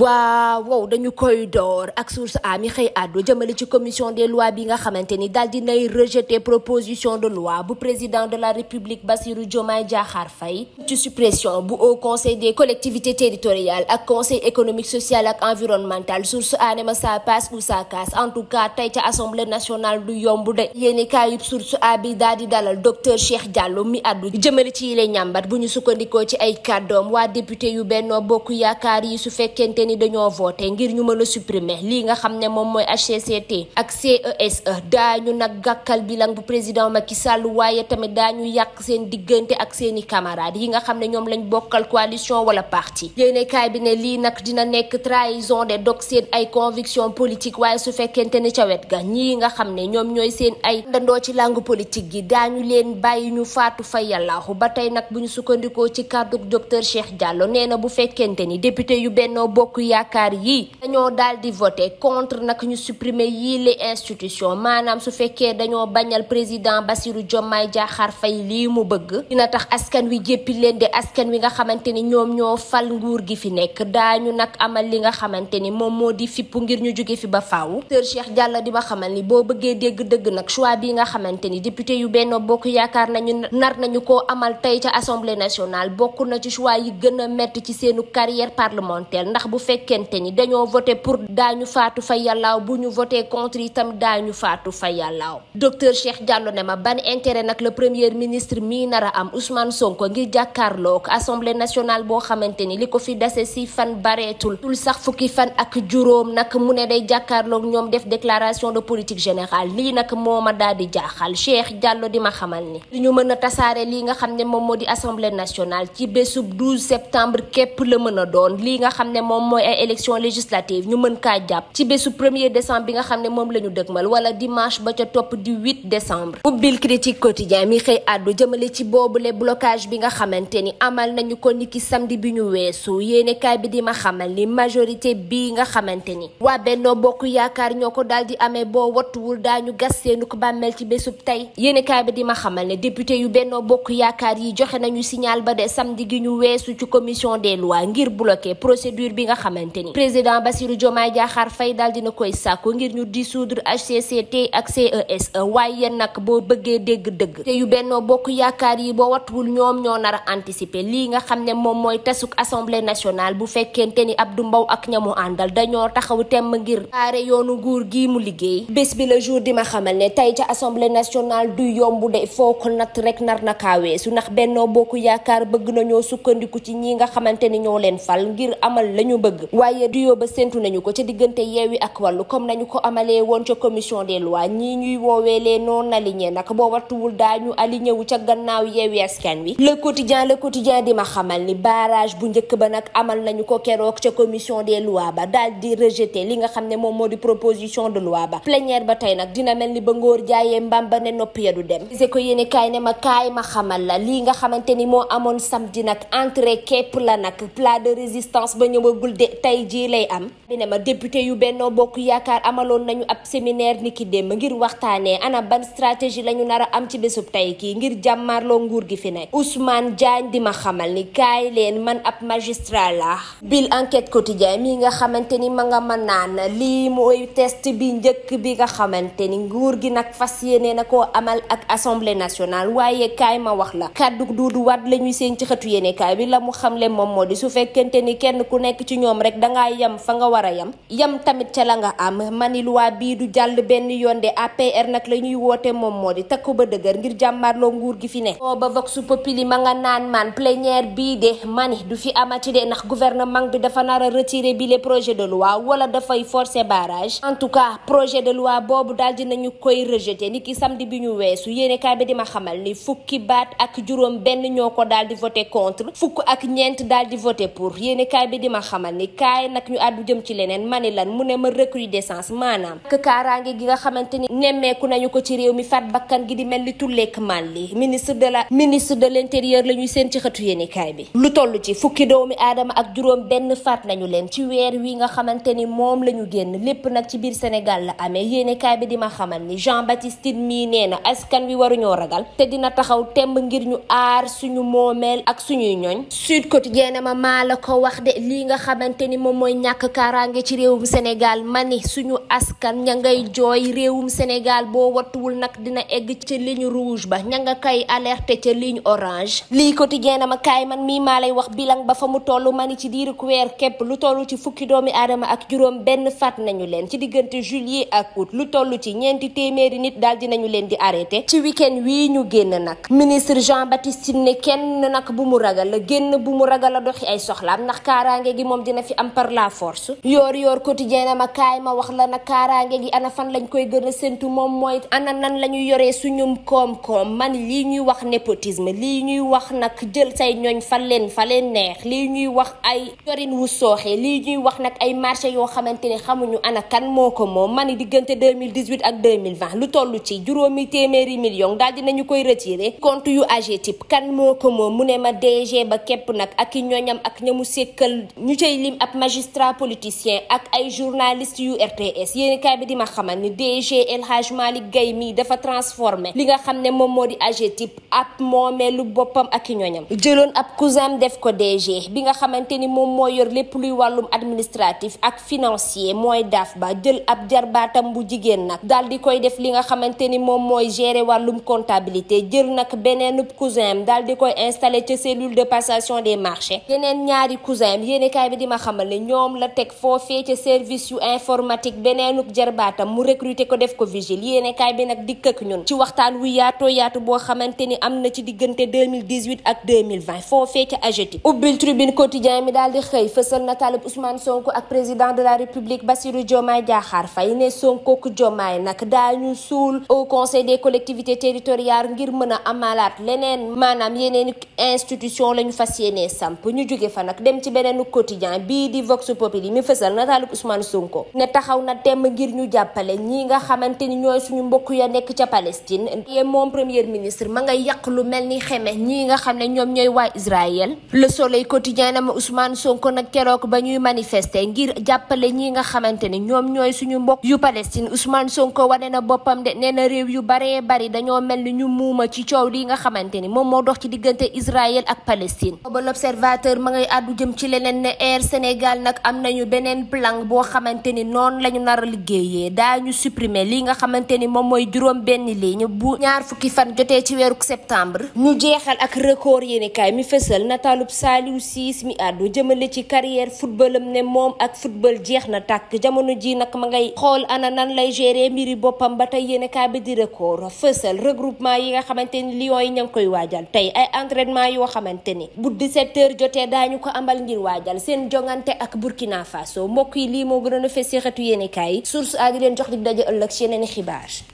waaw wow dañu koy door ak source a mi xëy àddu jëmale ci commission des lois bi nga xamante ni daal di nay rejeter proposition de loi bu président de la république Bassirou Diomaye Diakhar Faye ci suppression bu au conseil des collectivité territoriales ak conseil économique social ak environnemental source a ne ma ça passe ou ça casse en tout cas tey ca assemblée nationale du yomb de yéeni kaayub source a bi daal di dalal docteur Cheikh Diallo mi àddu jëmale ci ñàmbat bu ñu sukkandikoo ci ay kàddoom waa député yu Benno Bokk ni dañoo voté ngir ñu mën a supprimer lii nga xam ne moom mooy HCCT ak CESE e. daañu nag gàkkal bilan bu président Macky Sall waaye tamit daañu yàq seen diggante ak seeni camarades yi nga xam ne ñoom lañ bokkal coalition wala parti yéenekaay bi ne lii nag dina nekk trahison de dog seen ay conviction politique waaye su fekkente ne ca wet ga ñii nga xam ne ñoom ñooy seen ay dandoo ci langue politique gi daañu leen bàyyi ñu faatu fa yàllaaxu ba tey nag bu ñu sukkandikoo ci kàddu docteur Cheikh Diallo nee bu fekkente ni député yu Benno Bokk bokk yaakaar yii dañoo daal di voté contre nag ñu supprimer yii les institutions maanaam su fekkee dañoo bañal président Bassirou Diomaye Diakhar fay lii mu bëgg dina tax askan wi jéppi leen de askan wi nga xamante ni ñoom ñoo fal nguur gi fi nekk daañu nag amal li nga xamante ni moom moo di fippu ngir ñu jóge fi ba faaw Sër Cheikh Diallo di ma xamal ni boo bëggee dégg dëgg nag choix bi nga xamante ni député yu benn Bokk Yaakaar nañu nar nañu ko amal tey ca assemblée nationale bokk na ci choix yi gën a métti ci seenu carrière parlementaire fekkente ni dañoo voté pour daañu faatu fa yàllaaw bu ñu voté contre itam daañu faatu fa yàllaaw docteur Cheikh Diallo ne ma ban intérêt nag la premier ministre mii nar a am Ousmane Sonko ngir jàkkaarlook ko assemblée nationale boo xamante ni li ko fi dase si fan bareetul tul sax fukki fan ak juróom nag mu ne day jàkkaarlook ñoom def déclaration de politique générale lii nag moo ma daal di jaaxal Cheikh Diallo di ma xamal ni ñu mën a tasaare lii nga xam ne moom moo di assemblée nationale mooy ay élection législative ñu mën kaa jàpp ci bésu premier décembre bi nga xam ne moom la ñu dëgmal wala dimanche ba ca topp di 8 décembre ubbil critique quotidien mi xëy àddu jëmale ci boobule blocage bi nga xamante ni amal nañu ko niki samedi bi ñu weesu yéenekaay bi di ma xamal ni majorité bii nga xamante ni waa Benno Bokk Yaakaar ñoo ko daal di amee boo daa ñu gas seenu ko bàmmeel ci bésub tey yéenekaay bi di ma xamal ne député yu Benno Bokk Yaakaar yi joxe nañu signal ba de samedi ñu weesu ci commission des ngir xamante ni président Bassirou Diomaye Diakhar Faye daal dina koy sàkku ngir ñu dissoudre HCCT ak CESE waaye nag boo bëggee dégg dëgg te yu bennoo bokk yaakaar yi boo watuwul ñoom ñoo nar a anticiper lii nga xam ne moom mooy tasuk assemblée nationale bu fekkente ni Abdou mbaw ak ñamu àndal dañoo taxaw temm ngir aare yoonu nguur gi mu liggéey bés bi la jour di ma xamal ne tey ca assemblée nationale du yomb de foo ko natt rek nar na kaaweesu ndax bennoo bokk yaakaar bëgg nañoo sukkandiku ci ñi nga xamante ni ñoo leen fal ngir bëgg waaye duyoo ba séntu nañu ko ca diggante yeewi ak wàllu comme nañu ko amalee woon ca commission des lois ñii ñuy woowee lee non aligné nag boo wattuwul daañu aligné wu ca gannaaw yeewi askan wi le quotidien le quotidien di ma xamal ni barrage bu njëkk ba nag amal nañu ko keroog ca commission des lois ba daal di rejeté li nga xam ne moom moo di proposition de loi ba plénière ba tey nag dina mel ni ba ngóor jaayee mbamba ne nopp ya du dem se ko yéene kaay ne ma kaay ma xamal la lii nga xamante ni moo amoon samedi nag entrée képp la nag plat de résistance ba ñëwagul de tey jii lay am bi ne ma député yu Benno Bokk Yaakaar amaloon nañu ab séminaire ni ki démb ngir waxtaanee ana ban stratégie lañu nar a am ci bésub tey kii ngir jàmmarloo nguur gi fi nekk Ousmane Diagne di ma xamal ni kaay leen man ab magistrat la bil enquête quotidien mi nga xamante ni ma nga mën naan lii mooy test bi njëkk bi nga xamante ni nguur gi nag fas yéene na koo amal ak assemblée nationale waaye kaay ma wax la kàddu Doudou Wade la seen ci ñoom rek dangaa yem fa nga war a yem yem tamit ca la nga am mani loi bii du jàll benn yoon de APR nag la ñuy woote moom moo di takk ba dëgër ngir jàmmarloo nguur gi fi ne oo ba vox populi ma nga naan man plénière bii de mani du fi amati de ndax gouvernement bi dafa nar a retiré bi le projet de loi wala dafay forcer barrage en tout cas projet de loi boobu daal dinañu koy rejeté ni ki samedi bi ñu weesu yéenekaay bi di ma xamal ni fukki baat ak juróom benn ñoo ko daal di voté contre fukk ak ñeent daal ni kaay nag ñu àddu jëm ci leneen ma ni lan mu ne ma recrudescence maanaam que kaaraange gi nga xamante ni nemmeeku nañu ko ci réew mi faat bakkan gi di mel ni tulleek man li ministre de la ministre de l'intérieur la ñuy seen ci xëtu yéenekaay bi lu toll ci fukki doomi aadama ak juróom benn faat nañu leen ci weer wi nga xamante ni moom la ñu génn lépp nag ci biir Sénégal la amee yéenekaay bi di ma xamal ni Jean Baptiste Tine mii nee na askan wi waruñoo ragal te dina taxaw temb ngir ñu aar suñu moomeel ak suñuy ñooñ Sud xamante ni moom mooy ñàkk kaaraange ci réewum Sénégal ma ni suñu askan ña ngay jooy réewum Sénégal boo wattuwul nag dina egg ci ligne rouge ba ña nga kay alerté ca ligne orange lii quotidien ma kaay man mii maa lay wax bilan ba fa mu toll ma ni ci diiru weer képp lu toll ci fukki doomi aadama ak juróom benn faat nañu leen ci diggante juillet ak août lu toll ci ñeenti téeméeri nit daal nañu leen di arrêté ci week wii ñu génn nag ministre Jean Baptiste ne kenn nag bu mu ragal la génn bu mu ragal a doxi ay soxlaam ndax kaaraange gi moom dina na fi am par la force yoor yoor quotidien na ma kaay wax la na kaaraange gi ana fan lañ koy gën a séntu moom mooy ana nan la ñu yoree suñum koom-koom man lii ñuy wax népotisme lii ñuy wax nag jël say ñooñ fal leen fa leen neex lii ñuy wax ay yorin wu sooxee lii ñuy wax nag ay marché yoo xamante ne xamuñu ana kan moo ko moom man diggante 2018 ak 2020 lu tollu ci juróomi téeméeri million daal nañu koy retiré compte yu AGETIP kan moo ko moom mu ne ma DG ba képp nag ak i ñooñam lim ab magistrat politicien ak ay journaliste yu RTS yéeni kaay bi di ma xamal ni DG El Hadj Malick mii dafa transformé li nga xam ne moom moo di AGETIP ab moomeelu boppam ak ñoñam jëloon ab cousin def ko DG bi nga xamante ni moom mooy yor lépp luy wàllum administratif ak financier mooy daaf ba jël ab jarbaatam bu jigéen nag daal di koy def li nga xamante ni moom mooy gérer wàllum comptabilité jël nag beneen cousin am daal di koy installé ci cellule de passation des marché yeneen ñaari cousin am yéeni kaay bi di ma xamal ne ñoom la teg foofee ca service yu informatique beneenub jarbaatam mu recruter ko def ko vigile yéene kaay bi nag dikk ak ñun ci waxtaan wu yaato yaatu boo xamante ni am na ci diggante 2018 ak 2020 foofee ca AGETIP ubbil tribune quotidien mi dal di xëy fësal na talib Ousmane Sonko ak président de la république Bassirou Diomaye Diakhar Faye ne Sonko ku Diomaye nag daañu suul au conseil des collectivité territoriales ngir mën a amalaat leneen maanaam yeneen institution la ñu fas yéenee samp ñu jóge fa nag dem ci beneen quotidien bii di Vox Populi mi fësal nataalub Ousmane Sonko ne taxaw na temm ngir ñu jàppale ñii nga xamante ni ñooy suñu mbokk ya nekk ca Palestine yee moom premier ministre ma ngay yàq lu mel ni xeme ñi nga xam ne ñoom ñooy waa Israël Le Soleil quotidien am Ousmane Sonko nag keroog ba ñuy manifester ngir jàppale ñi nga xamante ni ñoom ñooy suñu mbokk yu Palestine Ousmane Sonko wane na boppam de nee na réew yu baree bari dañoo mel ni ñu muuma ci coow li nga xamante ni moom moo dox ci diggante Israël ak Palestine booba l'observateur ma ngay àddu jëm ci leneen ne Sénégal nag am nañu beneen plan boo xamante ni noonu la ñu nar a liggéeyee daañu supprimer li nga xamante ni moom mooy juróom benn ñu bu ñaar fukki fan jotee ci weeru septembre ñu jeexal ak record yéenekaay mi fësal nataalub Saliou Ciss mi àddu jëmale ci carrière footballam ne moom ak football jeex na tàkk jamono ji nag ma ngay xool ana nan lay gérer mbiri boppam ba tey yéenekaay bi di record fësal regroupement yi nga xamante ni Lions yi ña ngi koy waajal tey ay entraînement yoo xamante ni bu 17 jotee daañu ko amal ngir waajal seen jongante ak Burkina Faso mbokk yi lii moo gënoon a fes ci xetu yéenekaay yi source jox dig daje ëllëg ci yeneen i xibaar